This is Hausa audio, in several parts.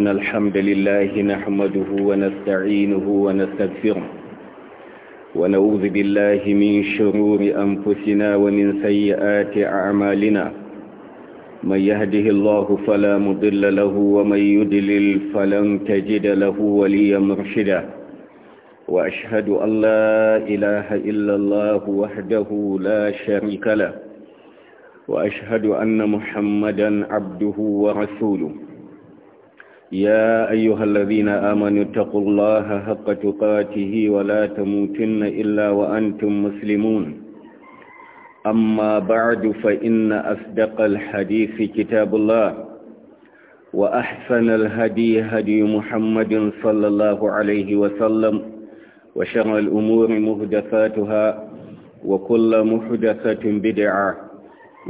إن الحمد لله نحمده ونستعينه ونستغفره ونعوذ بالله من شرور أنفسنا ومن سيئات أعمالنا من يهده الله فلا مضل له ومن يدلل فلن تجد له وليا مرشدا وأشهد أن لا إله إلا الله وحده لا شريك له وأشهد أن محمدا عبده ورسوله يا أيها الذين آمنوا اتقوا الله حق تقاته ولا تموتن إلا وأنتم مسلمون أما بعد فإن أصدق الحديث كتاب الله وأحسن الهدي هدي محمد صلى الله عليه وسلم وشر الأمور مهدثاتها وكل مهدثة بدعة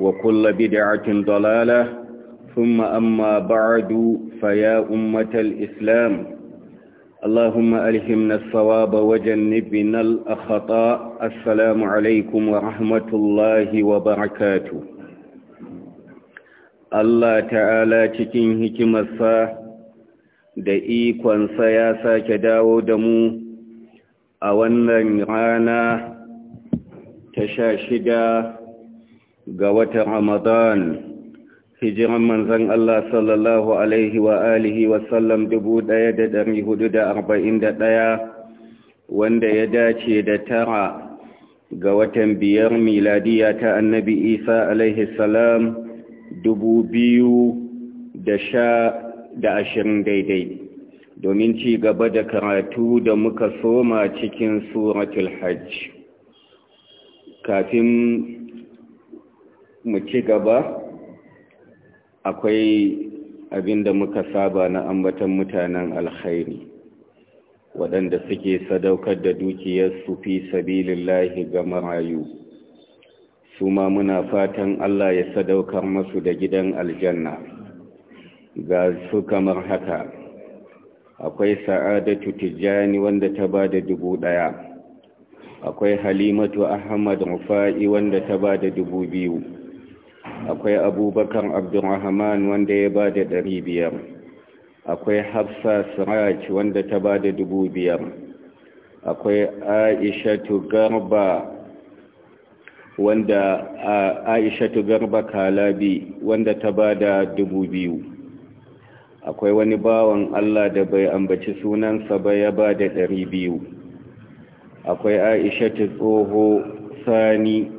وكل بدعة ضلالة ثم أما بعد فيا أمة الإسلام اللهم ألهمنا الصواب وجنبنا الأخطاء السلام عليكم ورحمة wa barakatu. Allah ta’ala cikin hikimarsa da ikonsa ya sake dawo da mu a wannan rana ta sha shida ga wata Ramadan hijiran manzan Allah sallallahu Alaihi wa alihi wasallam ɗaya, wanda ya dace da tara ga watan biyar miladiya ta annabi Isa alaihi salam ashirin daidai domin ci gaba da karatu da muka soma cikin suratul hajj kafin mu ci gaba akwai abin da muka saba na ambatan mutanen alkhairi waɗanda suke sadaukar da dukiyarsu fi sabilillahi ga marayu su ma muna fatan Allah ya sadaukar masu da gidan aljanna ga su kamar haka akwai sa'adatu tijjani wanda ta ba da dubu ɗaya akwai halimatu ahmad rufa'i wanda ta ba da dubu biyu akwai abubakar abdurrahman wanda ya ba da ɗari biyar akwai hafsa siraj wanda ta ba da dubu biyar akwai aishatu garba wanda aishatu garba kalabi wanda ta ba da dubu biyu akwai wani bawan allah da bai ambaci sunansa ba ya ba da ɗari biyu akwai aishatu tsoho sani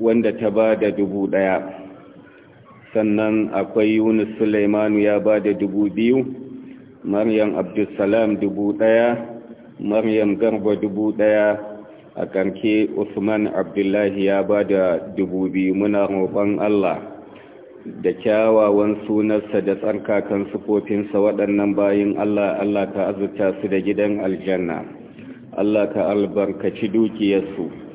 wanda ta ba da dubu ɗaya sannan akwai yunus suleimanu ya ba da dubu biyu maryam abdulsalam dubu ɗaya maryam garba dubu ɗaya a ƙarke usman abdullahi ya ba da dubu biyu muna roƙon allah da kyawawan sunarsa da tsarkakan sufofinsa waɗannan bayin allah allah ka azurta su da gidan aljanna allah ka albarkaci dukiyarsu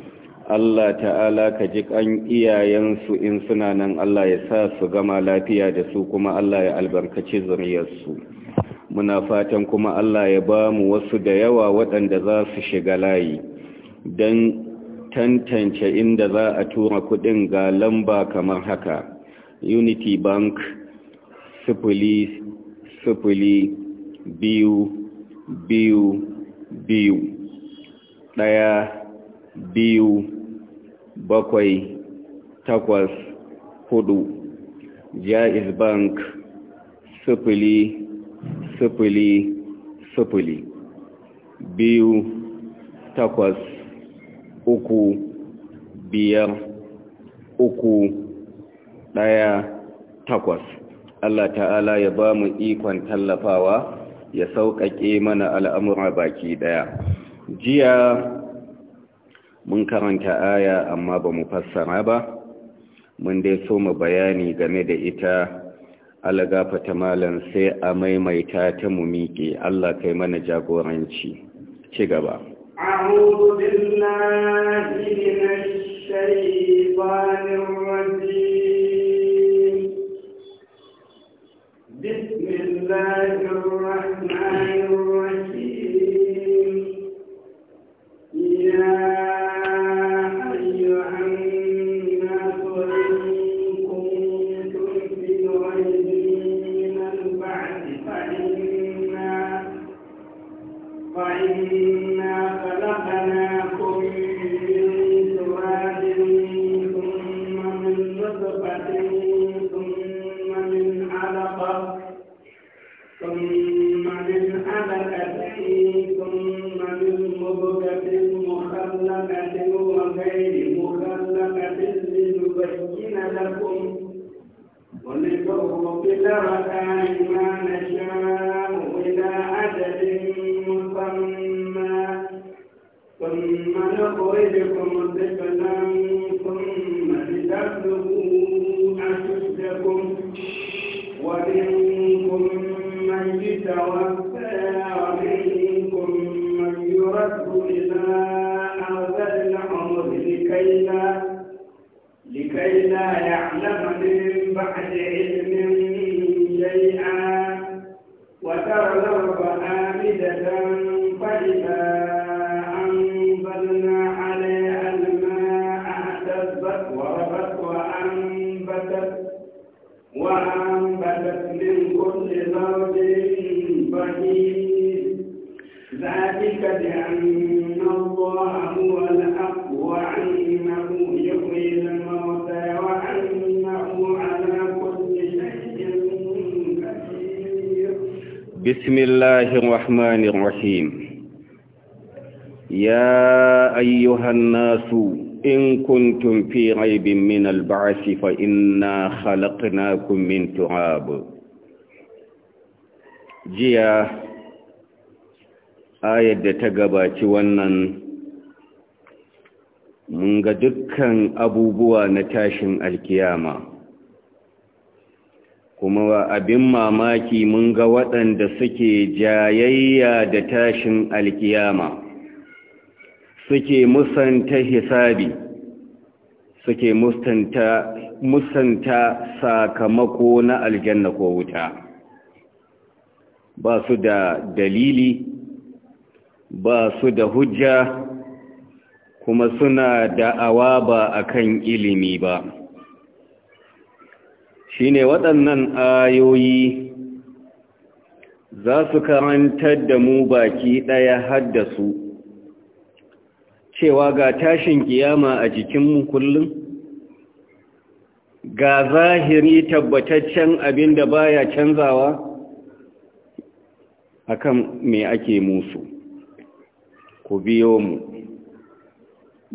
Allah ta'ala ka ji kan iyayensu in suna nan Allah ya sa su gama lafiya da su kuma Allah ya albarkaci zuriyarsu muna fatan kuma Allah ya ba mu wasu da yawa waɗanda za su shiga layi don tantance inda za a tura kuɗin ga lamba kamar haka unity bank sifili sifili biyu biyu biyu ɗaya biyu bakwai takwas hudu jaiz bank sifili sifili sifili biyu takwas uku biyar uku ɗaya takwas Allah ta'ala ya ba mu ikon tallafawa ya sauƙaƙe mana al'amura baki ɗaya jiya mun karanta aya amma ba mu fassara ba mun dai so mu bayani game da ita algafata malam sai a maimaita ta mu miƙe Allah kai mana jagoranci ci gaba أعوذ لنبين لكم ونستغفر لك ما نشاء إلى أجل مسمى ثم نخرجكم طفلا لنا بسم الله الرحمن الرحيم يا أيها الناس إن كنتم في ريب من البعث فإنا خلقناكم من تراب جيا آية تقبات ونن من دكا أبو بوان تاشم الكيامة kuma abin mamaki mun ga waɗanda suke jayayya da tashin alkiyama suke musanta hisabi suke musanta sakamako na aljanna ko wuta ba su da dalili ba su da hujja kuma suna da'awa ba akan ilimi ba shine waɗannan ayoyi za su karantar da mu baki ɗaya haddasu cewa ga tashin kiyama a jikinmu kullum ga zahiri tabbataccen abin da baya canzawa akan me ake musu ku biyo mu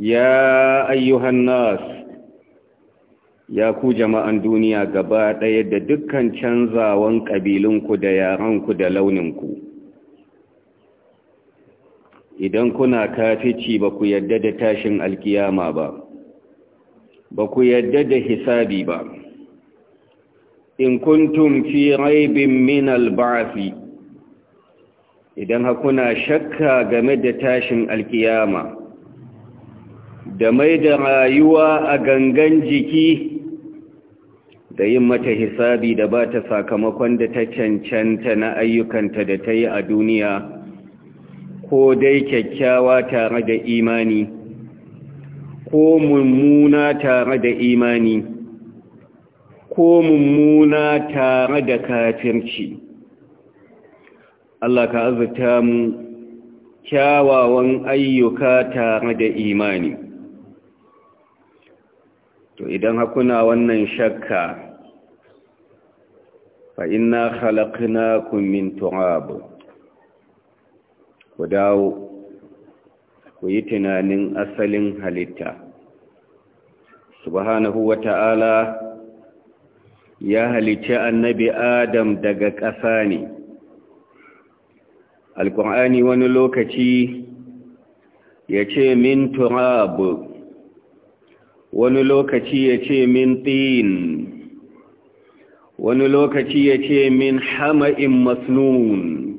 ya ayyuhan ya ku jama'an duniya gaba ɗaya da dukkan canzawan ƙabilunku da yaranku da launinku idan kuna kafici ba ku yadda da tashin alkiyama ba ba ku yadda da hisabi ba in kuntum fi raibin min alba'afi idan hakuna shakka game da tashin alkiyama da mai da rayuwa a gangan jiki da yin mata hisabi da ba ta sakamakon da ta cancanta na ayyukanta da ta yi a duniya ko dai kyakkyawa tare da imani ko mummuna tare da imani ko mummuna tare da kafirci Allah ka azuta mu kyawawan ayyuka tare da imani to idan hakuna wannan shakka fa inna khalaqnakum min turab ku dawo ku yi tunanin asalin halitta subhanahu Ta'ala ya halicci annabi adam daga ƙasa ne alƙur'ani wani lokaci ya ce min turab wani lokaci ya ce min tin wani lokaci ya ce min hama'in masnun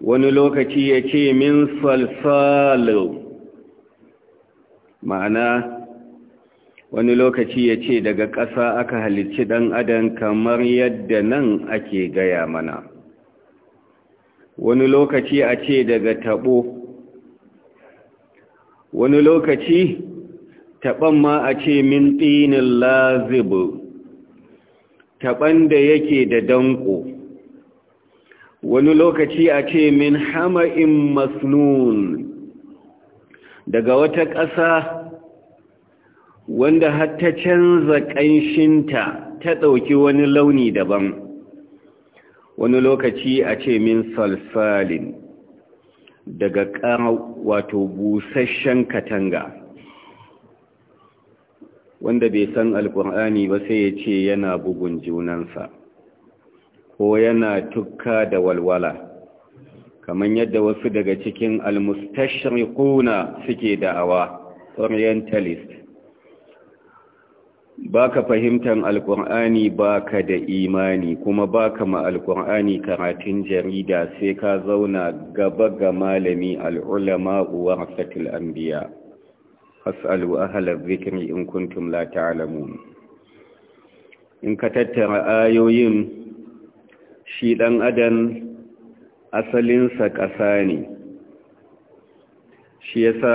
wani lokaci ya ce min salsal? ma'ana wani lokaci ya ce daga ƙasa aka halicci ɗan adam kamar yadda nan ake gaya mana wani lokaci a ce daga taɓo wani lokaci taɓan ma a ce min tsinin lazibu taɓan da yake da danko wani lokaci a ce min hama'in masnun daga wata ƙasa wanda hatta canza ƙanshinta ta ɗauki wani launi daban wani lokaci a ce min salsalin daga wato busasshen katanga wanda bai san alkur'ani ba sai ya ce yana bugun junansa ko yana tukka da walwala kamar yadda wasu daga cikin almustashriquna suke da'awa orientalist baka fahimtar alkur'ani baka da imani kuma baka ma alkur'ani karatun jarida sai ka zauna gaba ga malami al'ulama uwar satil anbiya' fasalu ahalar zikiri in kuntum la ta'lamun in ka tattara ayoyin shi ɗan adan asalinsa ƙasa ne shi yasa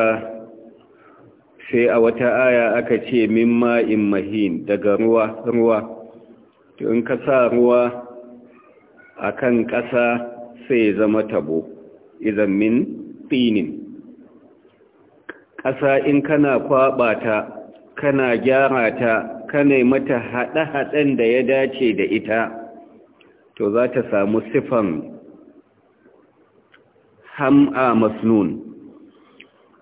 sai a wata aya aka ce min in mahin daga ruwa ruwa to in ka sa ruwa akan ƙasa sai zama tabo idan min tinin ƙasa in kana kwaɓa ta kana gyara ta kana mata haɗe-haɗen da ya dace da ita to za ta samu sifan ham'a masnun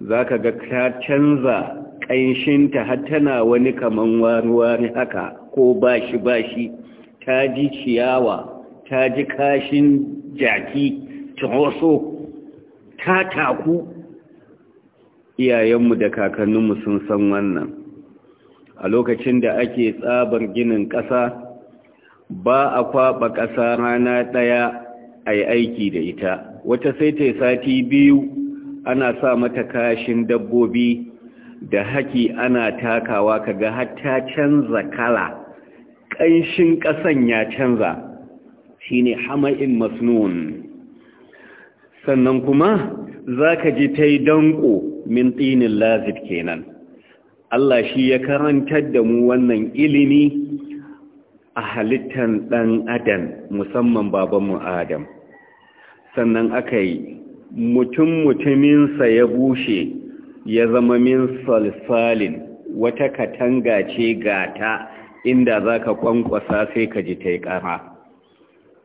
za ka ga ta canza ƙanshinta ta tana wani kaman wari-wari haka ko bashi-bashi ta ji ciyawa ta ji kashin jaki ta ta taku iyayenmu da kakanninmu sun san wannan a lokacin da ake tsabar ginin ƙasa ba a kwaɓa ƙasa rana ɗaya a yi aiki da ita wata sai ta sati biyu ana sa mata kashin dabbobi da haki ana takawa kaga hatta canza kala ƙanshin ƙasan ya canza shine hama'in masnun sannan kuma za ka ji ta yi danko min tinin lazif kenan Allah shi ya karantar da mu wannan ilimi a halittar ɗan adam musamman babanmu adam sannan aka yi mutum mutuminsa ya bushe ya zama min salsalin wata katanga ce gata inda za ka kwankwasa sai ka ji ta yi ƙara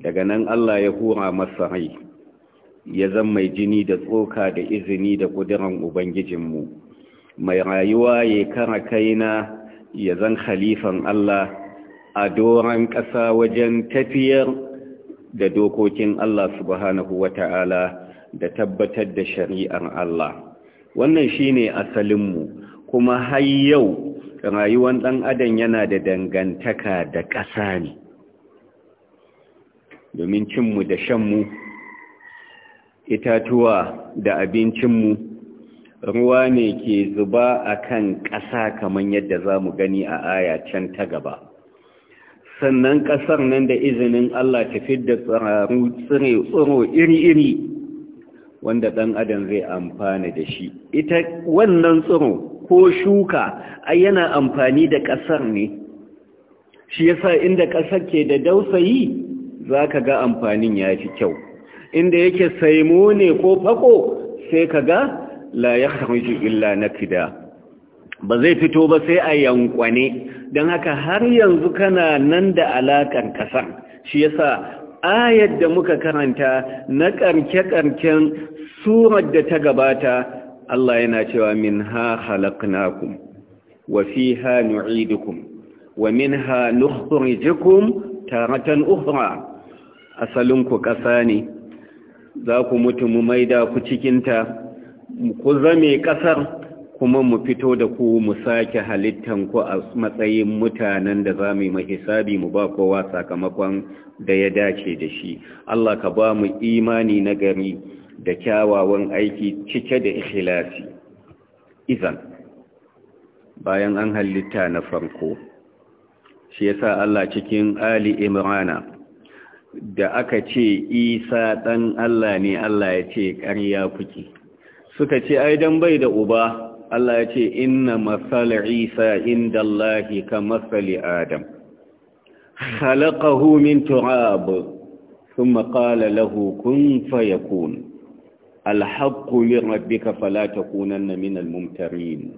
daga nan Allah ya hura masa rai ya zan mai jini da tsoka da izini da ƙudiran Ubangijinmu, mai rayuwa ya kara kaina ya zan khalifan Allah a doron ƙasa wajen tafiyar da dokokin Allah subhanahu wa ta'ala da tabbatar da shari'ar Allah. Wannan shi ne asalinmu, kuma har yau rayuwan ɗan adam yana da dangantaka da ƙasa ne. Domin cinmu da shanmu, itatuwa da abincinmu ruwa ne ke zuba a kan ƙasa kamar yadda za mu gani a aya can ta gaba sannan ƙasar nan da izinin Allah ta da tsararru tsire tsoro iri-iri wanda ɗan adam zai amfana da shi ita wannan tsoro ko shuka a yana amfani da ƙasar ne shi yasa inda ƙasar ke da dausayi za ka ga amfanin ya fi kyau inda yake saimu ne ko fako sai kaga la yakhruju illa nakida ba zai fito ba sai a yankwane don haka har yanzu kana nan da alakan kasan shi yasa ayar da muka karanta na karke-karken surar da ta gabata Allah yana cewa min ha halaknakum wa fi ha nu'idukum wa min ha nukhrijukum taratan ukhra asalinku ƙasa ne za ku mutu mu maida ku cikinta ku zame ƙasar kuma mu fito da ku mu sake ku a matsayin mutanen da za mu yi hisabi mu ba kowa sakamakon da ya dace da shi Allah ka ba mu imani na gari da kyawawan aiki cike da ikhlasi izan bayan an halitta na farko shi yasa Allah cikin Ali Imrana da aka ce isa ɗan Allah ne Allah ya ce ƙarya kuke suka ce ai dan bai da uba Allah ya ce inna masal isa inda Allahi ka masali adam khalaqahu min turab thumma qala lahu kun fayakun alhaqqu li rabbika fala takunanna min almumtarin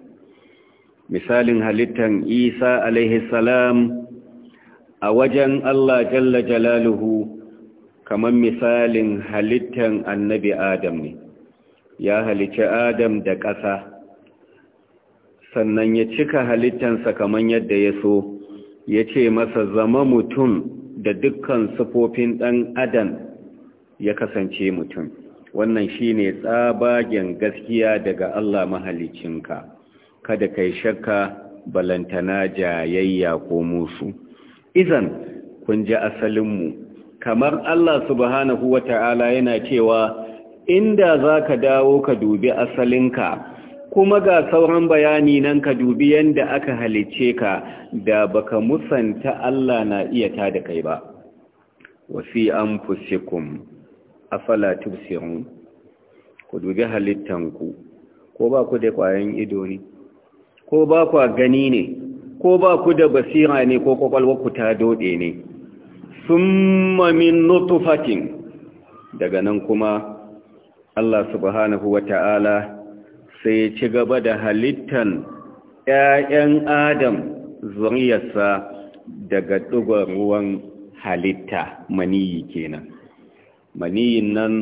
misalin halittar isa alaihi salam a wajen Allah jalla jalaluhu kamar misalin halittan annabi Adam ne ya halicci Adam da ƙasa sannan ya cika halittansa kamar yadda ya so ya ce masa zama mutum da dukkan sufofin ɗan adam ya kasance mutum wannan shi ne tsabagen gaskiya daga Allah mahalicinka kada kai shakka balantana jayayya ko musu izan kun ji asalinmu kamar Allah subhanahu wa ta'ala yana cewa inda za ka dawo ka dubi asalinka kuma ga sauran bayani nan ka dubi yadda aka halice ka da baka musanta Allah na iya ta da kai ba wasi an fusikun afala tubsirun ku dubi halittanku ko ba ku da kwayan ido ne ko ba kwa gani ne ko ba ku da basira ne ko ku ta dode ne summa min nutfatin daga nan kuma Allah subhanahu wata'ala sai ya ci gaba da halittan ƴaƴan Adam zuriyarsa daga ɗigon ruwan halitta maniyi kenan maniyin nan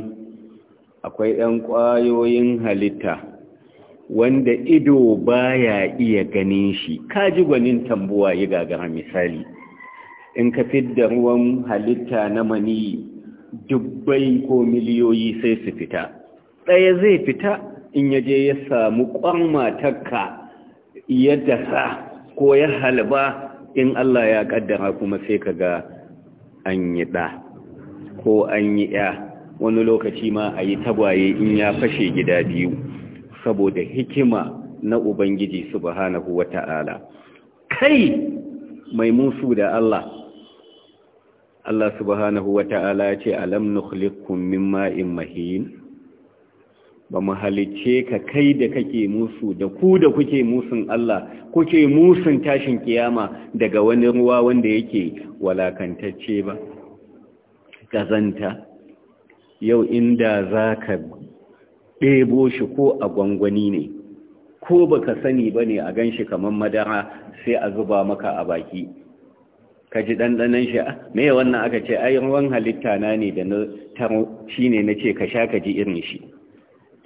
akwai ɗan ƙwayoyin halitta wanda ido baya iya ganin shi kaji gwanin tambuwa ya gagara misali in ka fidda ruwan halitta na mani dubbai ko miliyoyi sai su fita ɗaya zai fita in yaje je ya samu ƙwan matarka ya dasa ko ya halba in Allah ya ƙaddara kuma sai ka ga an yi ɗa ko an yi ya wani lokaci ma a yi tagwaye in ya fashe gida biyu saboda hikima na ubangiji subhanahu ta’ala. kai mai musu da Allah Allah subhanahu ta’ala ya ce alam nukhliqukum min ma'in mahin ba mu halice ka kai da kake musu da ku da kuke musun Allah kuke musun tashin kiyama daga wani ruwa wanda yake walakantacce ba kazanta yau inda za ka ɗebo shi ko a gwangwani ne ko baka sani ba ne a gan shi kamar madara sai a zuba maka a baki ka ji ɗanɗanen shi ah, me wannan aka ce ai ruwan halitta na ne da na taro shi ne na ce ka sha ka ji irin shi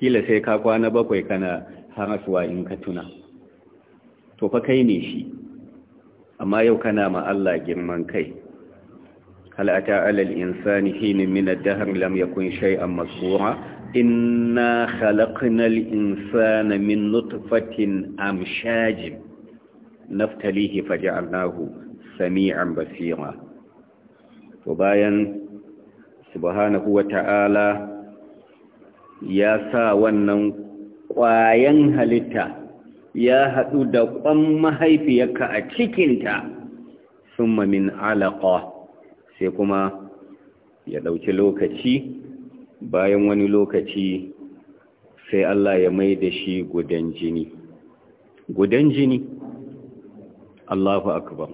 kila sai ka kwana bakwai kana harasuwa in ka tuna to fa kai ne shi amma yau kana ma Allah girman kai hal ata alal insani hin min ad-dahr lam yakun shay'an inna khalaqnal insana min nutfatin amshajin naftalihi faja'alnahu sami'an basira to bayan subhanahu wata'ala ya sa wannan ƙwayan halitta ya haɗu da ƙwan mahaifiyarka a cikinta sun min alaƙa sai kuma ya ɗauki lokaci bayan wani lokaci sai Allah ya mai da shi gudan jini gudan jini Allahu akbar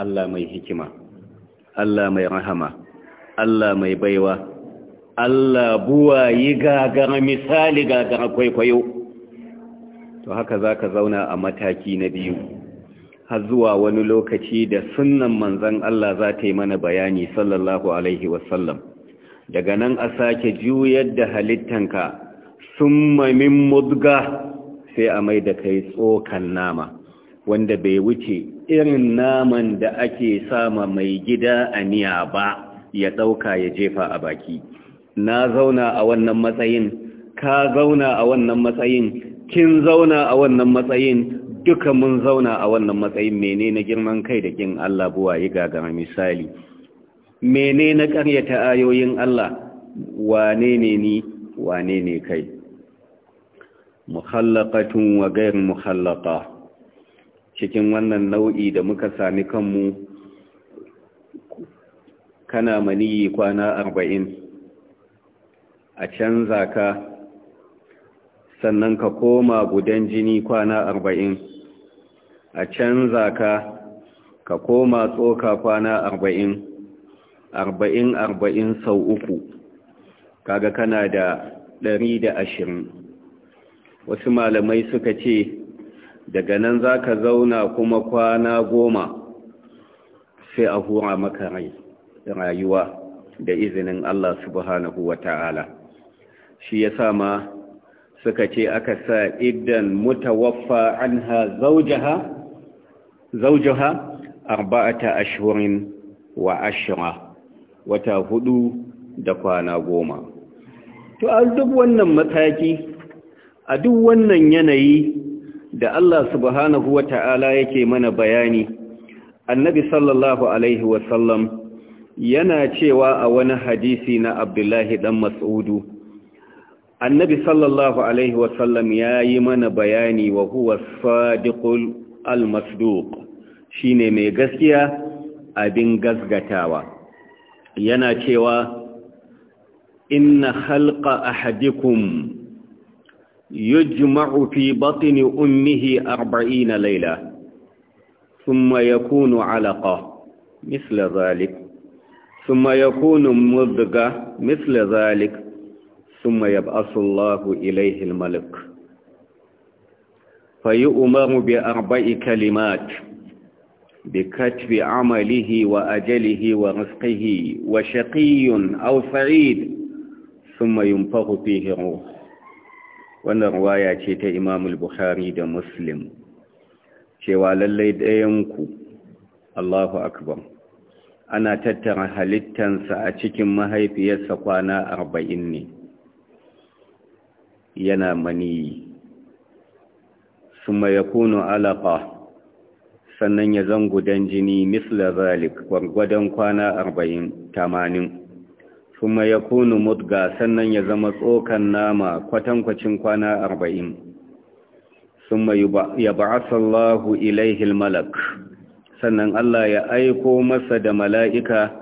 Allah mai hikima Allah mai rahama Allah mai baiwa Allah buwa yi gagara misali gagara kwaikwayo to haka za ka zauna a mataki na biyu har zuwa wani lokaci da sunnan manzan Allah za ta yi mana bayani sallallahu Alaihi wasallam daga nan a sake juyar da halittanka sun mamin mudga sai a mai da kai tsokan nama wanda bai wuce irin naman da ake sama mai gida a niya ba ya ɗauka ya jefa a baki na zauna a wannan matsayin ka zauna a wannan matsayin kin zauna a wannan matsayin duka mun zauna a wannan matsayin menene girman kai da kin Allah buwa yi gagara misali mene na ƙaryata ayoyin Allah wane ne ni wane ne kai muhallaqatun wa ghayr muhallaqa cikin wannan nau'i da muka sami kanmu kana maniyi kwana arba'in a canza ka sannan ka koma gudan jini kwana arba'in a canza ka ka koma tsoka kwana arba'in arba'in arba'in sau uku kaga kana da ɗari da ashirin wasu malamai suka ce daga nan za ka zauna kuma kwana goma sai a hura maka rayuwa da izinin Allah subhanahu wa ta'ala shi ya sa ma suka ce aka sa idan mutawaffa anha zaujaha zaujaha arba'ata ashirin wa ashira wata hudu da kwana goma to a duk wannan mataki a duk wannan yanayi da Allah subhanahu wa ta'ala yake mana bayani annabi sallallahu alaihi wasallam yana cewa a wani hadisi na abdullahi ɗan mas'udu annabi sallallahu alaihi wasallam ya yi mana bayani wa huwa sadiqul al-masduq shine mai gaskiya abin gasgatawa yana cewa inna halqa ahadikum yujma'u fi batni ummihi 40 layla thumma yakunu 'alaqa mithla dhalik thumma yakunu mudghah mithla dhalik thumma yab'athu Allahu ilayhi al-malik fayu'maru bi arba'i kalimat بكتب عمله وأجله ورزقه وشقي أو سعيد ثم ينفخ فيه روح wannan ruwaya ce ta imamul bukhari da muslim cewa lallai ɗayanku allahu akbar ana tattara halittansa a cikin mahaifiyarsa kwana arba'in ne yana maniyi suma ya kuno alaƙa sannan ya zan gudan jini misla zalik gwargwadon kwana arba'in tamanin kuma ya kunu mutga sannan ya zama tsokan nama kwatankwacin kwana arba'in summa ya ba'asallahu ilaihil malak sannan Allah ya aiko masa da mala'ika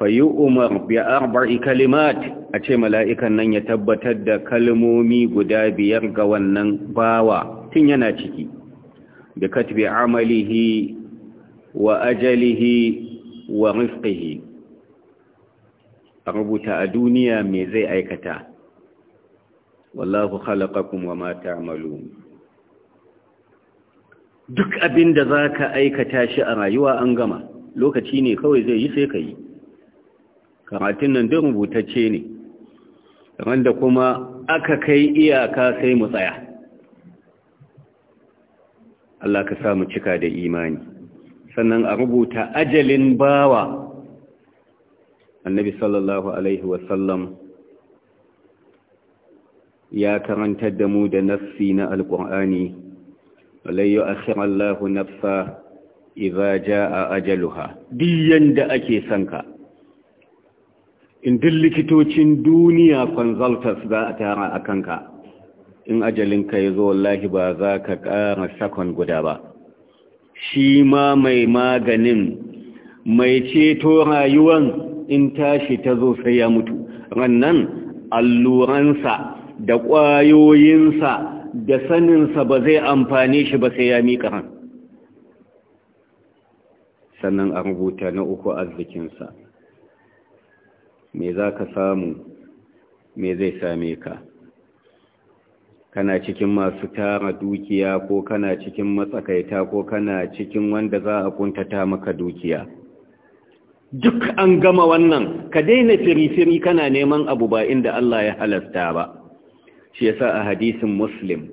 fayi umar bi arba'i kalimat a ce mala'ikan nan ya tabbatar da kalmomi guda biyar ga wannan bawa tun yana ciki بكتب عمله وأجله ورفقه أربط الدنيا مزي أيكتا والله خلقكم وما تعملون duk abin da za ka aikata shi a rayuwa an gama lokaci ne kawai zai yi sai ka yi karatun nan don rubutacce ne wanda kuma aka kai iyaka sai mu tsaya Allah ka sa mu cika da imani sannan a rubuta ajalin bawa annabi sallallahu alaihi wasallam ya karanta da mu da nafsi na alkur'ani walai yu'akhir Allahu nafsa idza jaa a ajaluha diyan da ake sanka in duk likitocin duniya consultants za a tara a kanka in ajalinka ya zo wallahi ba za ka ƙara sakon guda ba shi ma mai maganin mai ceto rayuwan in tashi ta zo sai ya mutu rannan alluransa da ƙwayoyinsa da saninsa ba zai amfani shi ba sai ya miƙa ran sannan a rubuta na uku arzikinsa me za ka samu me zai same ka kana cikin masu tara dukiya ko kana cikin matsakaita ko kana cikin wanda za a kuntata maka dukiya duk an gama wannan ka daina firifiri kana neman abu ba inda Allah ya halasta ba shi yasa a hadisin muslim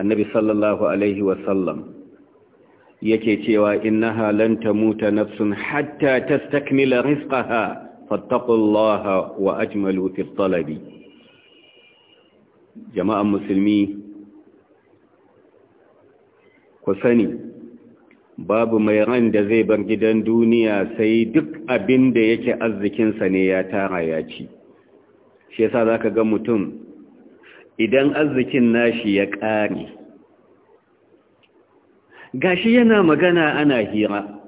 annabi sallallahu alaihi wasallam yake cewa inna lan muta nafsun hatta tastakmila rizqaha fattaqullaha wa ajmalu fi talabi jama'an musulmi ku sani babu mai ran da zai bar gidan duniya sai duk abin da yake arzikinsa ne ya tara ya ci shi yasa za ka ga mutum idan arzikin nashi ya ƙare gashi yana magana ana hira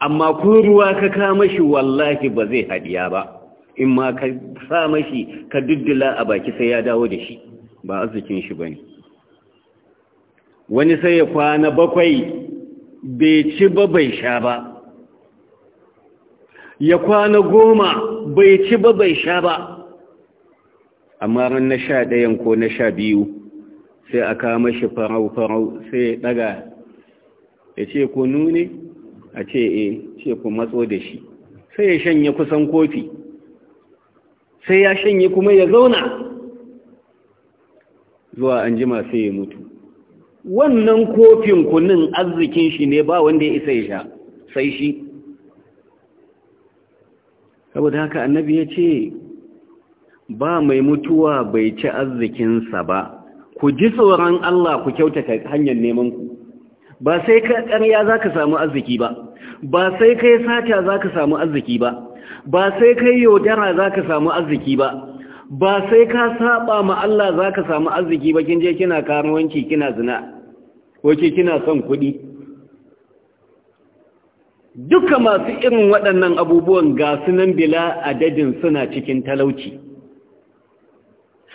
amma ko ruwa ka kama shi wallahi ba zai hadiya ba in ma ka sa mashi ka diddila a baki sai ya dawo da shi ba arzikin shi bane wani sai ya kwana bakwai bai ci ba bai sha ba ya kwana goma bai ci ba bai sha ba amma ran na sha ɗayan ko na sha biyu sai a kama shi farau-farau sai ya ɗaga ya ce ku nune a ce e ce ku matso da shi sai ya shanye kusan kofi sai ya shanye kuma ya zauna zuwa an jima sai ya mutu wannan kofin kunun arzikin shi ne ba wanda ya isa ya sha sai shi saboda haka annabi ya ce ba mai mutuwa bai ci arzikinsa ba ku ji tsoron Allah ku kyautata hanyar neman ku ba sai ka ƙarya za ka samu arziki ba ba sai kai sata za ka samu arziki ba ba sai kai yaudara za ka samu arziki ba ba sai ka saba ma Allah za ka samu arziki ba kin je kina karuwanci kina zina wace kina son kuɗi duka masu irin waɗannan abubuwan ga sunan bila adadin suna cikin talauci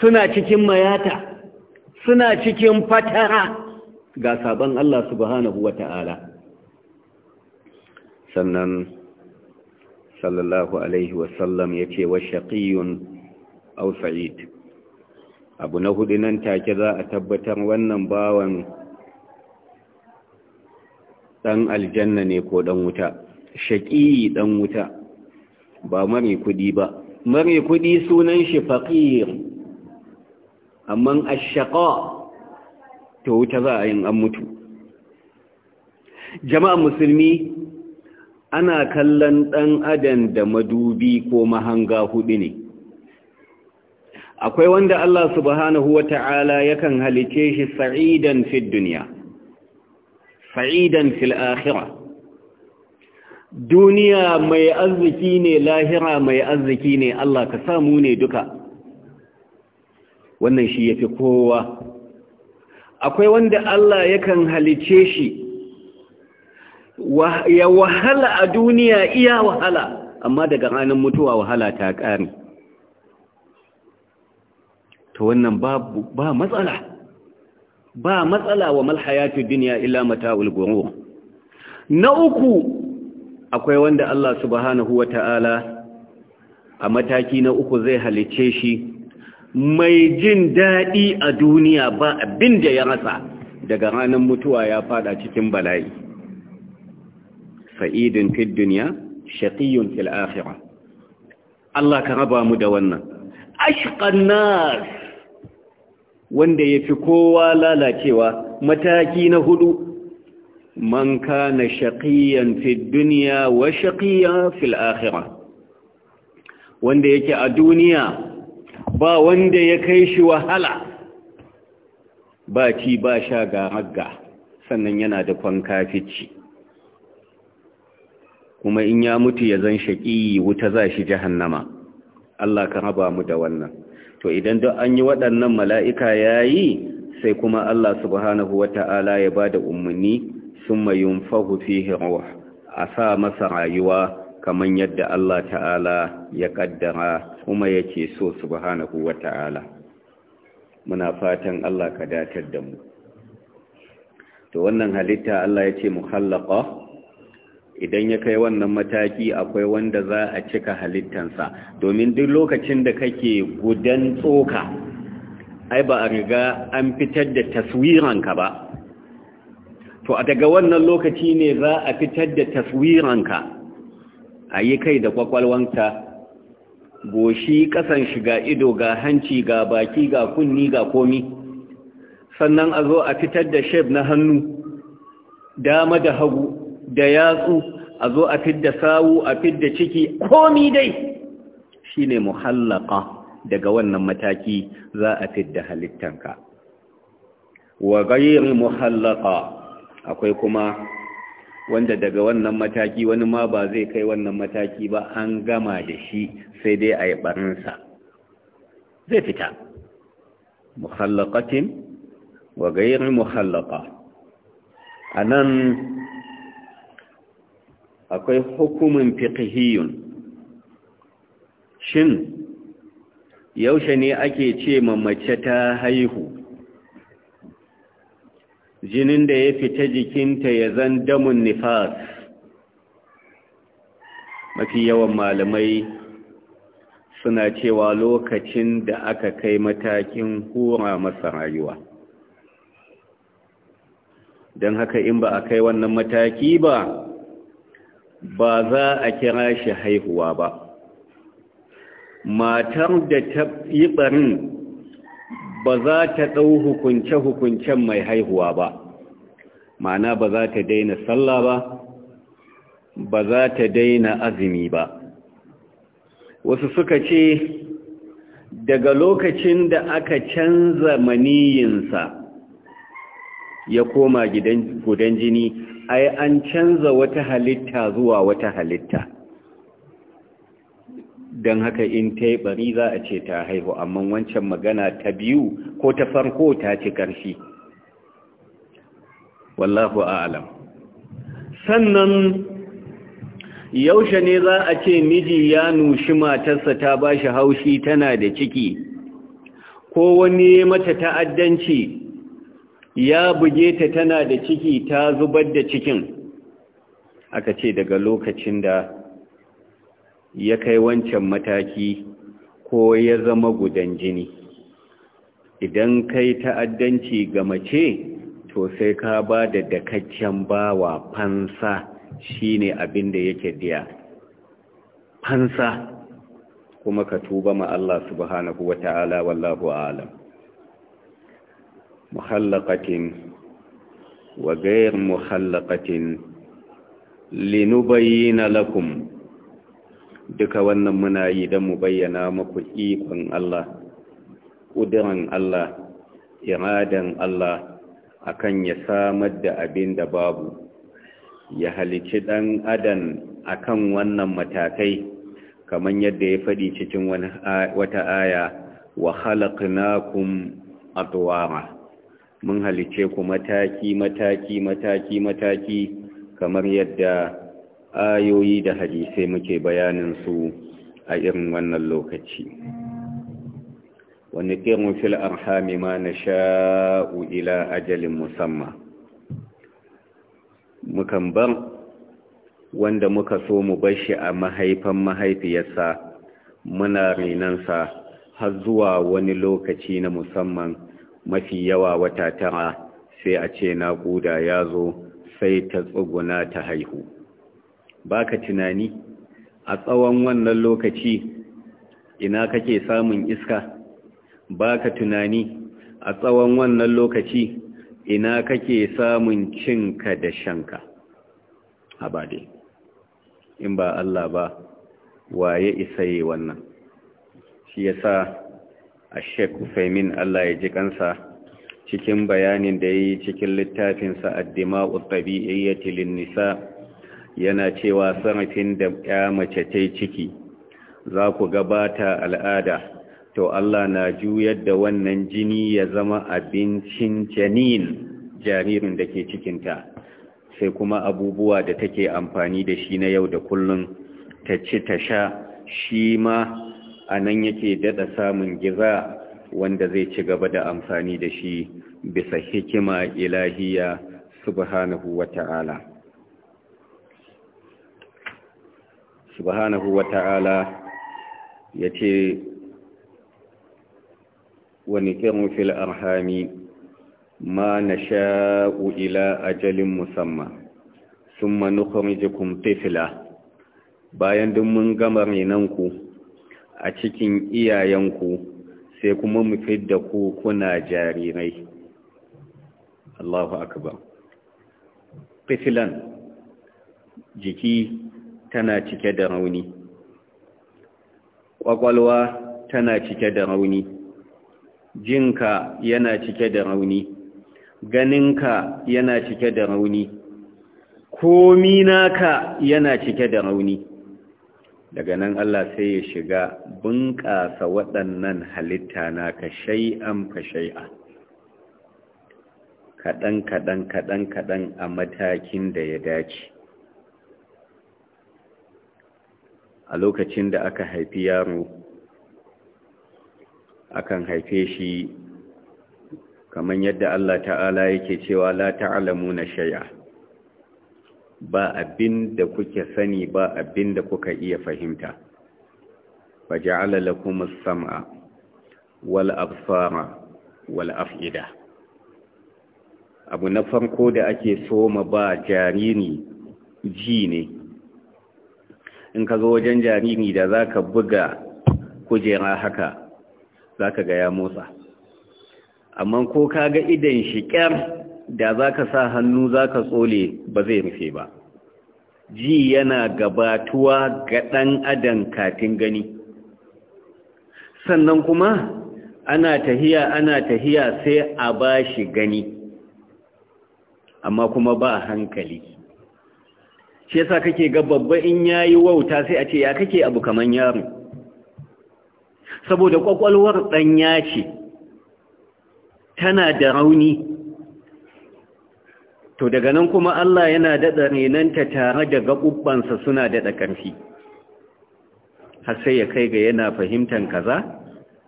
suna cikin mayata suna cikin fatara ga sabon Allah subhanahu wa ta'ala sannan sallallahu alaihi wasallam ya ce wa shaƙiyun au sa'id abu na hudu nan take za a tabbatar wannan bawan ɗan aljanna ne ko ɗan wuta Shaƙiyi ɗan wuta ba mare kudi ba mare kudi sunan shi faƙir amma ashaƙa to wuta za a yin an mutu Jama'a musulmi ana kallon ɗan adam da madubi ko mahanga huɗu ne akwai wanda Allah subhanahu wa ta'ala yakan halice shi sa'idan fil duniya sa'idan fil akhira. duniya mai arziki ne lahira mai arziki ne Allah ka samu ne duka wannan shi yafi kowa akwai wanda Allah yakan halice shi ya wahala a duniya iya wahala amma daga ranar mutuwa wahala ta ƙare ta wannan ba matsala ba matsala wa malhayatu duniya illa mata ulgoro na uku akwai wanda Allah subhanahu Ta'ala, a mataki na uku zai halice shi mai jin daɗi a duniya ba abin da ya rasa daga ranar mutuwa ya fada cikin bala'i sa'idin fid dunya shaqiyyun fil Allah ka raba mu da wannan ashqan nas wanda yafi kowa lalacewa mataki na hudu man kana shaqiyan fid dunya wa shaqiyan fil akhirah wanda yake a duniya ba wanda ya kai shi wahala Baci ba sha ga ragga sannan yana da kwanka fici kuma in ya mutu ya zan shaƙi wuta za shi jahannama Allah ka raba mu da wannan to idan duk an yi waɗannan mala'ika ya yi sai kuma Allah subhanahu wa ta'ala ya ba da umarni sun mayun fahufi hirwa a sa masa rayuwa kamar yadda Allah ta'ala ya ƙaddara kuma yake so subhanahu wa ta'ala muna fatan Allah ka datar da mu to wannan halitta Allah ya ce muhallaqa idan ya kai wannan mataki akwai wanda za a cika halittansa domin duk lokacin da kake gudan tsoka ai ba a riga an fitar da taswiranka ba to a daga wannan lokaci ne za a fitar da taswiranka a yi kai da kwakwalwanka goshi kasan shiga ido ga hanci ga baki ga kunni ga komi sannan a zo a fitar da shef na hannu dama da hagu da yatsu a zo a fidda sawu a fidda ciki komi dai Shi ne muhallaka daga wannan mataki za a fidda halittanka wa gairi muhallaka akwai kuma wanda daga wannan mataki wani ma ba zai kai wannan mataki ba an gama da shi sai dai a yi barinsa zai fita muhallakatin wa gairi muhallaka a nan akwai hukumin fiqhiyun shin yaushe ne ake ce ma mace ta haihu jinin da ya fita jikinta ya zan damun nifas mafi yawan malamai suna cewa lokacin da aka kai matakin hura masa rayuwa don haka in ba a kai wannan mataki ba ba za a kira shi haihuwa ba matar da ta yi barin ba za ta ɗau hukunce-hukuncen mai haihuwa ba ma'ana ba za ta daina sallah ba ba za ta daina azumi ba wasu suka ce daga lokacin da aka canza maniyinsa ya koma gudan jini ai an canza wata halitta zuwa wata halitta don haka in ta yi bari za a ce ta haihu amma wancan magana ta biyu ko ta farko ta ci ƙarfi wallahu a'alam sannan yaushe ne za a ce miji ya nushi matarsa ta ba shi haushi tana da ciki ko wani mata ta'addanci ya buge ta tana da ciki ta zubar da cikin aka ce daga lokacin da ya kai wancan mataki ko ya zama gudan jini idan kai ta'addanci ga mace to sai ka ba da dakaccen bawa fansa shine abin da yake diya fansa kuma ka tuba ma Allah subhanahu wa ta'ala wallahu a'lam مخلقة وغير linubayi na لكم duka wannan muna yi don mu bayyana muku ikon Allah ƙudiran Allah iradan Allah akan ya samar da abin da babu ya halici ɗan adan akan wannan matakai kamar yadda ya faɗi cikin wata aya wa halaknakum atwara mun halice ku mataki mataki mataki mataki kamar yadda ayoyi da hadisai muke bayanin su a irin wannan lokaci wani irin fil arhami ma na sha'u ila ajalin musamman mukan bar wanda muka so mu bar shi a mahaifan mahaifiyarsa muna renansa har zuwa wani lokaci na musamman mafi yawa wata tara sai a ce naƙuda ya zo sai ta tsuguna ta haihu Ba ka tunani a tsawon wannan lokaci ina kake samun iska Ba ka tunani a tsawon wannan lokaci ina kake samun cinka da shanka abade in ba Allah ba waye isaye wannan shi sa. a sheik ufaimin allah ya ji kansa cikin bayanin da ya yi cikin littafin littafinsa addima'u tabi'iyyati linnisa yana cewa sarafin da ya mace ta ciki za ku gabata al'ada to allah na juyar da wannan jini ya zama abincin janin jaririn da ke cikinta sai kuma abubuwa da take amfani da shi na yau da kullum ta ci ta sha shi ma a nan yake daɗa samun giza wanda zai ci gaba da amfani da shi bisa hikima ilahiya subhanahu wa subhanahu wa ta'ala ya ce wani kirin fil arhami ma na sha'u ila ajalin musamman sun manukar jikun tefila bayan dummin mun gama renanku a cikin iyayenku sai kuma mu fidda ku kuna jarirai Allahu akbar fitilan jiki tana cike da rauni kwakwalwa tana cike da rauni jinka yana cike da rauni ganinka yana cike da rauni komi naka yana cike da rauni daga nan Allah sai ya shiga bunƙasa waɗannan halitta na ka shai'an fa shai'a kaɗan kaɗan kaɗan kaɗan a matakin da ya dace a lokacin da aka haifi yaro akan haife shi kamar yadda Allah ta'ala yake cewa la ta'alamu na shai'a ba abin da kuke sani ba abin da kuka iya fahimta ba ja'ala lakum as-sam'a wal absara wal af'ida abu na farko da ake so ma ba jariri ji ne in ka zo wajen jariri da zaka buga kujera haka zaka ga ya motsa amma ko kaga idan shi kyar da za ka sa hannu za ka tsole ba zai rufe ba ji yana gabatuwa ga ɗan adam katin gani sannan kuma ana tahiya ana tahiya sai a ba shi gani amma kuma ba hankali shi yasa kake ga babba in yayi wauta sai a ce ya kake abu kaman yaro saboda ƙwaƙwalwar ɗan ya ce tana da rauni to daga nan kuma Allah yana daɗa renanta tare da gaɓuɓɓansa suna daɗa ƙarfi har sai ya kai ga yana fahimtan kaza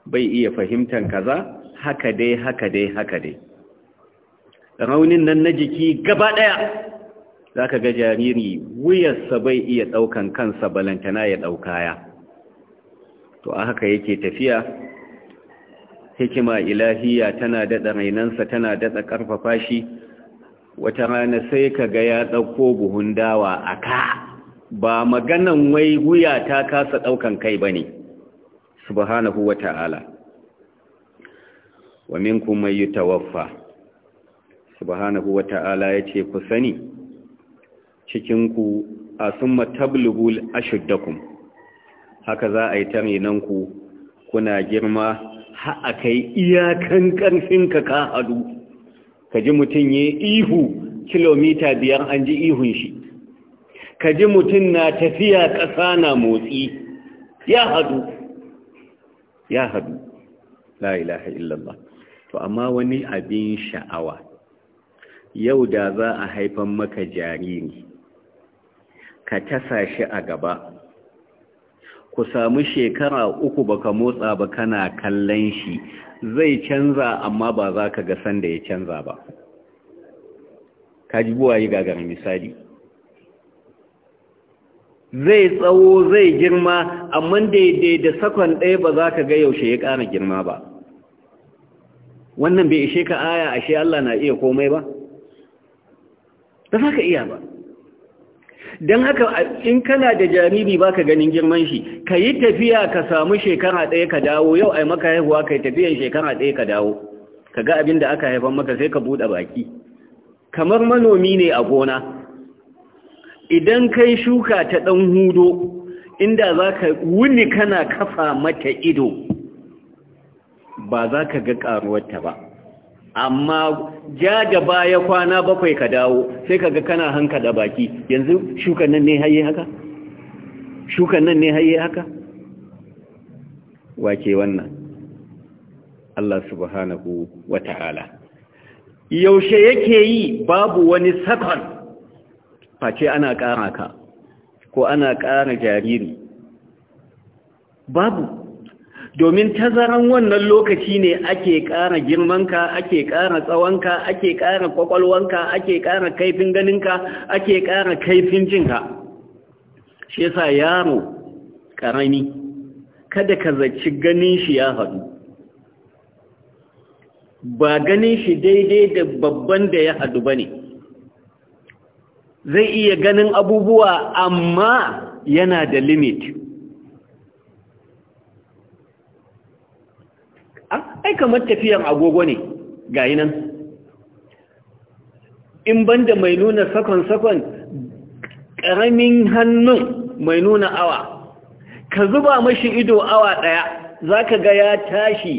bai iya fahimtan kaza haka dai haka dai haka dai raunin nan na jiki gaba ɗaya za ka ga jariri wuyarsa bai iya ɗaukan kansa balantana ya ɗaukaya to a haka yake tafiya hikima ilahiya tana daɗa rainansa tana daɗa ƙarfafa shi wata rana sai ka ga ya ɗauko buhun dawa a ka ba maganan wai wuya ta kasa ɗaukan kai ba ne subhanahu wa ta'ala wa min kuma yi tawaffa subhanahu wa ta'ala ya ce ku sani cikinku a sun matablugul ashuddakum haka za a yi tarinanku kuna girma Ha kai iyakan ƙarfin ka hadu. ka ji mutum ya ihu kilomita biyar an ji ihun shi ka ji mutum na tafiya ƙasa na motsi ya hadu ya hadu la ilaha illallah to amma wani abin sha'awa yau da za a haifan maka jariri ka tasa shi a gaba ku samu shekara uku baka motsa ba kana kallon shi zai canza amma ba za ka ga sanda ya canza ba kaji yi gagara misali zai tsawo zai girma amma daidai da sakon ɗaya ba za ka ga yaushe ya ƙara girma ba wannan bai ishe ka aya ashe Allah na iya komai ba ba za ka iya ba don haka in kana da jariri ka ganin girman shi ka yi tafiya ka samu shekara ɗaya ka dawo yau ai maka haihuwa ka yi tafiyan shekara ɗaya ka dawo ka ga abin da aka haifan maka sai ka buɗe baki kamar manomi ne a gona idan kai shuka ta ɗan hudo inda za ka wuni kana kafa mata ido ba za ka ga ƙaruwarta ba amma ja da baya kwana bakwai ka dawo sai kaga kana hanka da baki yanzu shukan nan ne haye haka shukan nan ne haye haka wace wannan Allah subhanahu wataala yaushe yake yi babu wani sakon face ana ƙara ka ko ana ƙara jariri babu domin tazaran wannan lokaci ne ake ƙara girmanka ake ƙara tsawonka ake ƙara kwakwalwanka ake ƙara kaifin ganinka ake ƙara kaifin jinka shi yasa yaro ƙarami kada ka zaci ganin shi ya haɗu ba ganin shi daidai da babban da ya haɗu ba ne zai iya ganin abubuwa amma yana da limit Ah, ai kamar tafiyan agogo ne ga yi nan in banda mai nuna sakon-sakon ƙaramin hannun mai nuna awa ka zuba mashi ido awa ɗaya za ka ga ya tashi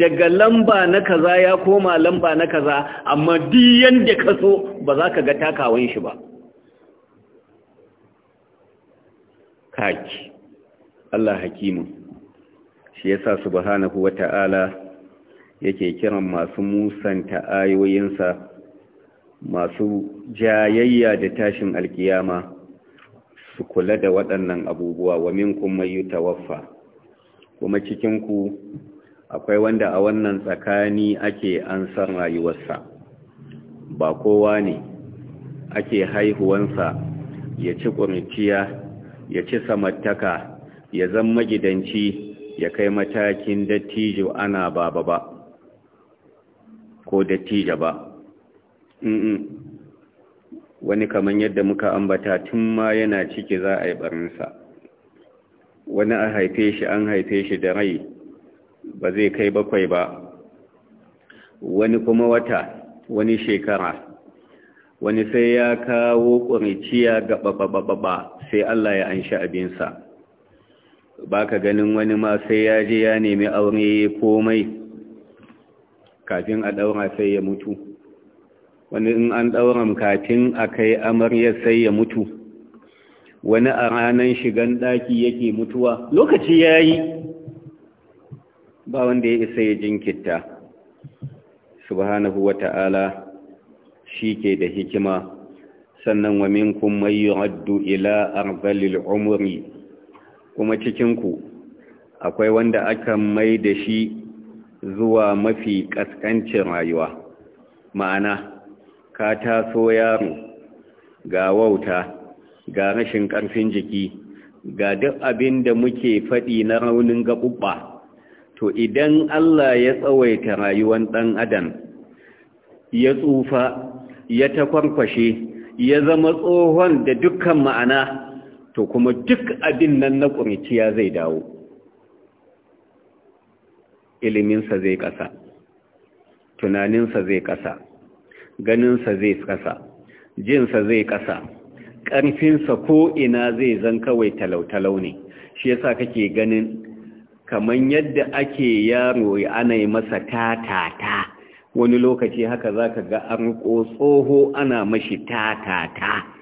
daga lamba na kaza ya koma lamba na kaza amma diyan da ka so ba za ka ga takawan shi ba kaki Allah hakimun shi yasa subhanahu Ta'ala yake kiran masu musanta ayoyinsa masu jayayya da tashin alkiyama su kula da waɗannan abubuwa wa minkum may waffa? kuma cikinku, akwai wanda a wannan tsakani ake san rayuwarsa ba kowa ne ake haihuwansa ya ci ƙuriciya ya ci samartaka ya zama gidanci ya kai matakin dattijo ana baba ba ko dattija ba wani kaman yadda muka ambata tun ma yana ciki za a yi barinsa wani a haife shi an haife shi da rai ba zai kai bakwai ba wani kuma wata wani shekara wani sai ya kawo ƙuriciya ga ɓaɓaɓaɓa sai Allah ya anshi abinsa baka ganin wani ma sai ya je ya nemi aure komai kafin a daura sai ya mutu wani in an daura kafin a kai amarya sai ya mutu wani a ranar shigan daki yake mutuwa lokaci ya yi ba wanda ya isa ya jinkita subhanahu wa ta'ala shi ke da hikima sannan wa minkum mai yu'addu ila arzalil umri kuma cikinku akwai wanda aka mai da shi zuwa mafi ƙasƙancin rayuwa ma'ana ka taso yaro ga wauta ga rashin ƙarfin jiki ga duk abin da muke faɗi na raunin gaɓuɓɓa to idan Allah ya tsawaita rayuwan ɗan adam ya tsufa ya takwarkwashe ya zama tsohon da dukkan ma'ana to kuma duk abin nan na ƙuriciya zai dawo iliminsa zai ƙasa tunaninsa zai ƙasa ganinsa zai ƙasa jinsa zai ƙasa ƙarfinsa ko'ina zai zan kawai talautalau ne shi ya sa kake ganin kamar yadda ake yaro ana yi masa ta-ta-ta wani lokaci haka za ka ga an tsoho ana mashi ta-ta-ta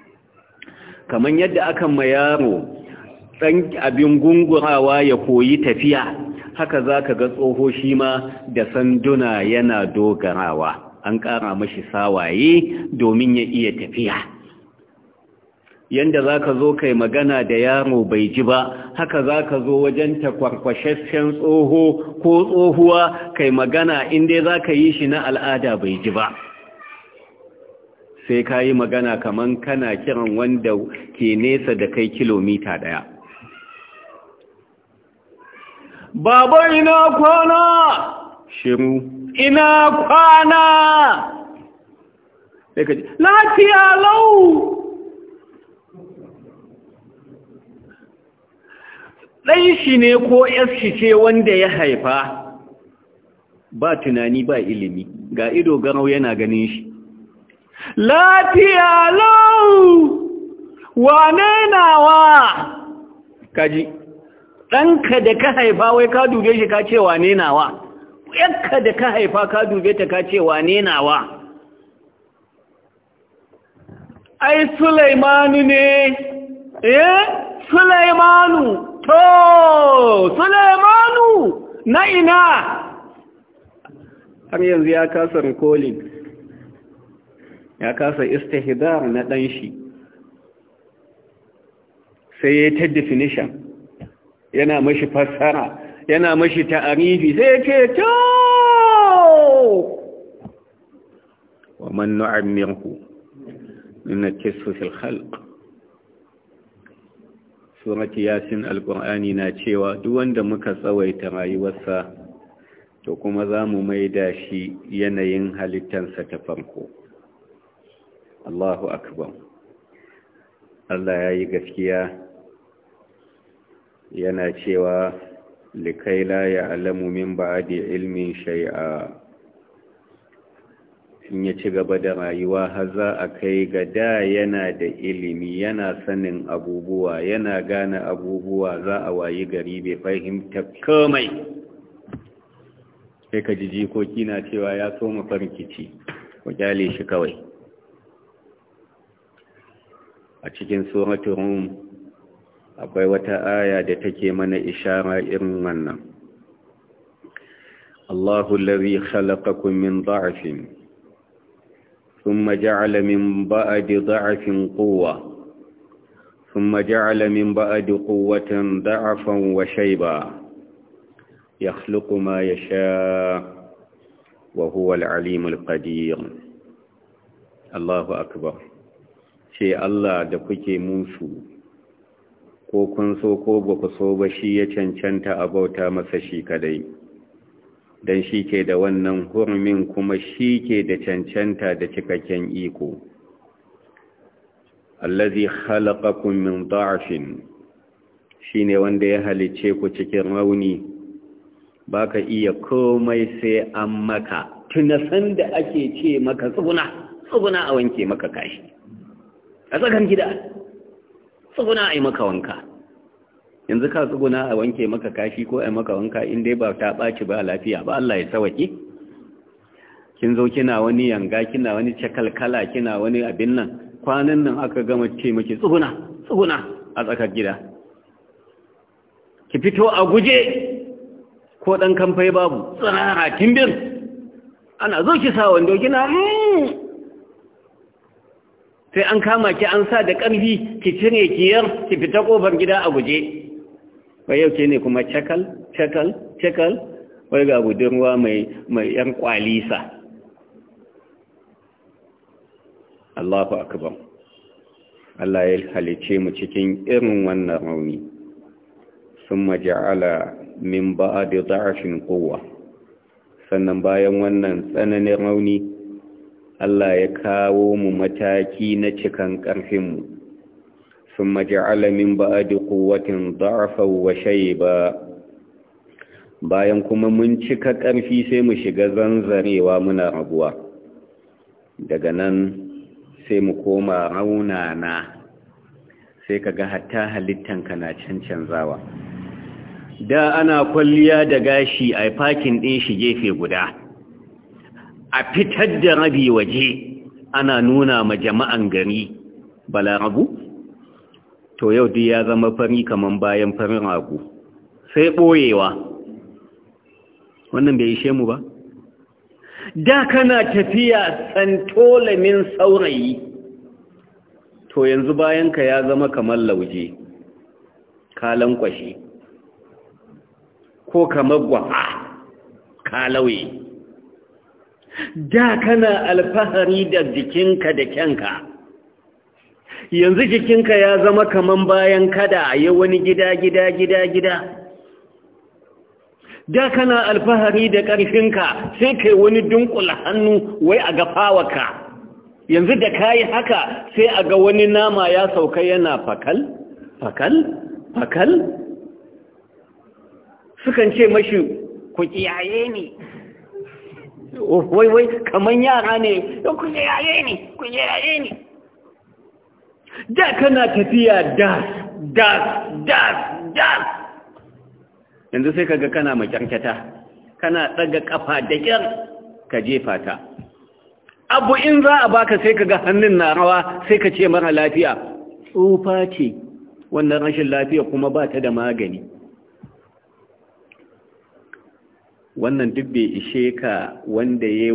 kamar yadda aka ma yaro ɗan abin gungurawa ya koyi tafiya haka za ka ga tsoho shi ma da sanduna yana dogarawa an ƙara mashi sawaye domin ya iya tafiya Yadda za ka zo kai magana da yaro bai ji ba haka za ka zo wajen takwarkwashashen tsoho ko tsohuwa kai magana inda za ka yi shi na al'ada bai ji ba sai ka yi magana kaman kana kiran wanda ke nesa da kai kilomita ɗaya baba ina kwana shiru ina kwana lau ɗan shi ne ko shi ce wanda ya haifa ba tunani ba ilimi ga ido garau yana ganin shi lafiya lau wane nawa kaji ɗanka da ka haifa wai ka dube shi ka ce wane nawa ka da ka haifa ka dube ta ka ce wane wa? ai sulaimanu ne eh sulaimanu to sulaimanu na ina har yanzu ya kasa kolin. ya kasa istihdar na dan shi sai ya ta definition yana mashi fassara yana mashi ta'arifi sai ya ce to wa man nu'ammirhu nunakkisu fil khalq surati yasin alqur'ani na cewa duk wanda muka tsawaita rayuwarsa to kuma zamu maida shi yanayin halittarsa ta farko Allahu akbar Allah ya yi gaskiya yana cewa likaila ya alamu min ba'adi ilmin shai'a in ya ci gaba da rayuwa har za a kai ga da yana da ilimi yana sanin abubuwa yana gane abubuwa za a wayi gari bai fahimta komai sai ka ji jikoki na cewa ya so mafarkici ku kyale shi kawai a cikin suratul rum akwai wata aya da take mana ishara irin wannan Allahu allazi khalaqakum min dha'fin thumma ja'ala min ba'di dha'fin quwwa thumma ja'ala min ba'di quwwatan dha'fan wa shayba yakhluqu ma yasha wa huwa al-'alimul qadir Allahu akbar ce Allah da kuke musu ko kun so ko ba ku so ba shi ya cancanta a bauta masa shi kadai don shi ke da wannan hurmin kuma shi ke da cancanta da cikakken iko allazi khalaqakum min da'fin shine wanda ya halice ku cikin rauni baka iya komai sai an maka tunasan da ake ce maka tsuguna tsuguna a wanke maka kashi a tsakan gida tsuguna a yi maka wanka yanzu ka tsuguna a wanke maka kashi ko a yi maka wanka inda dai ba ta ɓaci ba lafiya ba Allah ya tsawaki kin zo kina wani yanga kina wani cakalkala kina wani abin nan kwanan nan aka gama ce maki tsuguna tsuguna a tsakar gida ki fito a guje ko ɗan kamfai babu tsanara, timbir ana zo ki sa wando kina hmm. sai an kama ki an sa da ƙarfi ki cire kiyar ki fita ƙofar gida a guje wai yau ce ne kuma cakal cakal cakal wai ga gudun ruwa mai mai yan kwalisa Allahu akbar Allah ya halice mu cikin irin wannan rauni Sun maja'ala min da za'ashin kowa, sannan bayan wannan tsananin rauni Allah ya kawo mu mataki na cikan ƙarfinmu sun maji maja'ala min ba'adi kuwatin za'afau wa ba. bayan kuma mun cika ƙarfi sai mu shiga zanzarewa muna rabuwa daga nan sai mu koma raunana sai ka ga hatta halittanka na cancanzawa da ana kwalliya da gashi a fakin ɗin shi gefe guda a fitar da rabi waje ana nuna ma jama'an gari balarabu to yau dai ya zama fari kaman bayan farin ragu sai ɓoyewa wannan bai ishe mu ba da kana tafiya min saurayi to yanzu bayan ka ya zama kamar lauje kalan kwashe ko kamar gwafa kalauye da kana alfahari da jikinka da kyanka yanzu jikinka ya zama kaman bayan kada ya wani gida gida gida gida da kana alfahari da ƙarfinka sai kai wani dunkula hannu wai a gafawaka yanzu da kayi haka sai a ga wani nama ya sauka yana fakal fakal fakal sukan ce mashi ku ƙiyaye ni wai wai kamar yara ne don yare ne kunye yare ne da kana tafiya das das das das yanzu sai kaga kana makyankyata kana daga kafa da kyan ka jefa ta abu in za a baka sai kaga hannun na rawa sai ka ce mara lafiya tsufa ce wannan rashin lafiya kuma ba ta da magani wannan duk bai ishe ka wanda ya